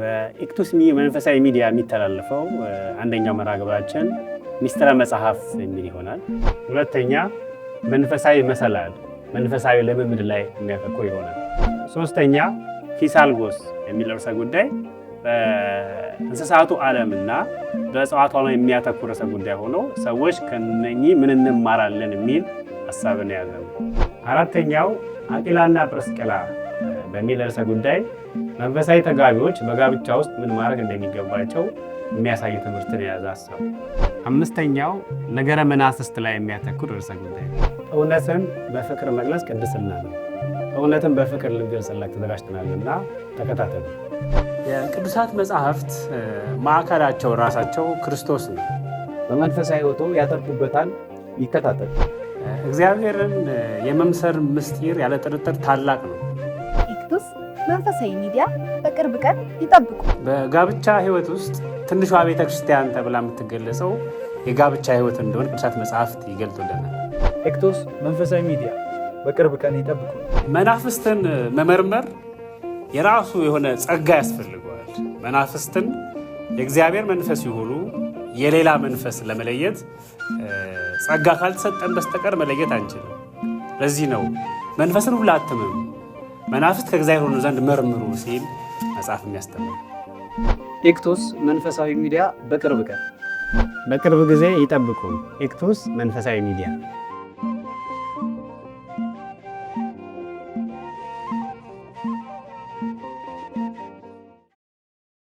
በኢክቱስ መንፈሳዊ ሚዲያ የሚተላለፈው አንደኛው መርሃ ግብራችን ሚስጥረ መጽሐፍ የሚል ይሆናል። ሁለተኛ መንፈሳዊ መሰላል መንፈሳዊ ልምምድ ላይ የሚያተኩር ይሆናል። ሶስተኛ ፊሳልጎስ የሚል ርዕሰ ጉዳይ በእንስሳቱ እና በእጽዋቷ ላይ የሚያተኩር ርዕሰ ጉዳይ ሆኖ ሰዎች ከነኚህ ምን እንማራለን የሚል ሀሳብን ያዘ። አራተኛው አቂላና ጵርስቅላ በሚል ርዕሰ ጉዳይ መንፈሳዊ ተጋቢዎች በጋብቻ ውስጥ ምን ማድረግ እንደሚገባቸው የሚያሳይ ትምህርትን የያዘ ሀሳብ። አምስተኛው ነገረ መናስስት ላይ የሚያተኩር ርዕሰ ጉዳይ እውነትን በፍቅር መግለጽ ቅድስና ነው። እውነትን በፍቅር ልንገልጽላችሁ ተዘጋጅተናልና ተከታተሉ። የቅዱሳት መጽሐፍት ማዕከላቸው ራሳቸው ክርስቶስ ነው። በመንፈሳዊ ሕይወቶ ያተርፉበታል። ይከታተል። እግዚአብሔርን የመምሰር ምስጢር ያለ ጥርጥር ታላቅ ነው። መንፈሳዊ ሚዲያ በቅርብ ቀን ይጠብቁ። በጋብቻ ህይወት ውስጥ ትንሿ ቤተ ክርስቲያን ተብላ የምትገለጸው የጋብቻ ህይወት እንደሆነ ቅዱሳት መጽሐፍት ይገልጡልናል። ኤክቶስ መንፈሳዊ ሚዲያ በቅርብ ቀን ይጠብቁ። መናፍስትን መመርመር የራሱ የሆነ ጸጋ ያስፈልገዋል። መናፍስትን የእግዚአብሔር መንፈስ የሆኑ የሌላ መንፈስ ለመለየት ጸጋ ካልተሰጠን በስተቀር መለየት አንችልም። ለዚህ ነው መንፈስን ሁላ አትመኑ መናፍስት ከእግዚአብሔር ሆኖ ዘንድ መርምሩ ሲል መጽሐፍ የሚያስተምር ኤክቶስ መንፈሳዊ ሚዲያ በቅርብ ቀን በቅርብ ጊዜ ይጠብቁ። ኤክቶስ መንፈሳዊ ሚዲያ